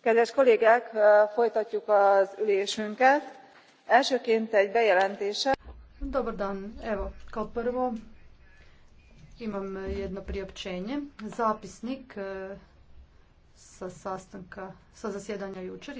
kedves kollégák folytatjuk az ülésünket elsőként egy bejelentéssel dobar dan evo kao prvo imam jedno priopćenje zapisnik sa sastanka, sa zasjedanja jučer.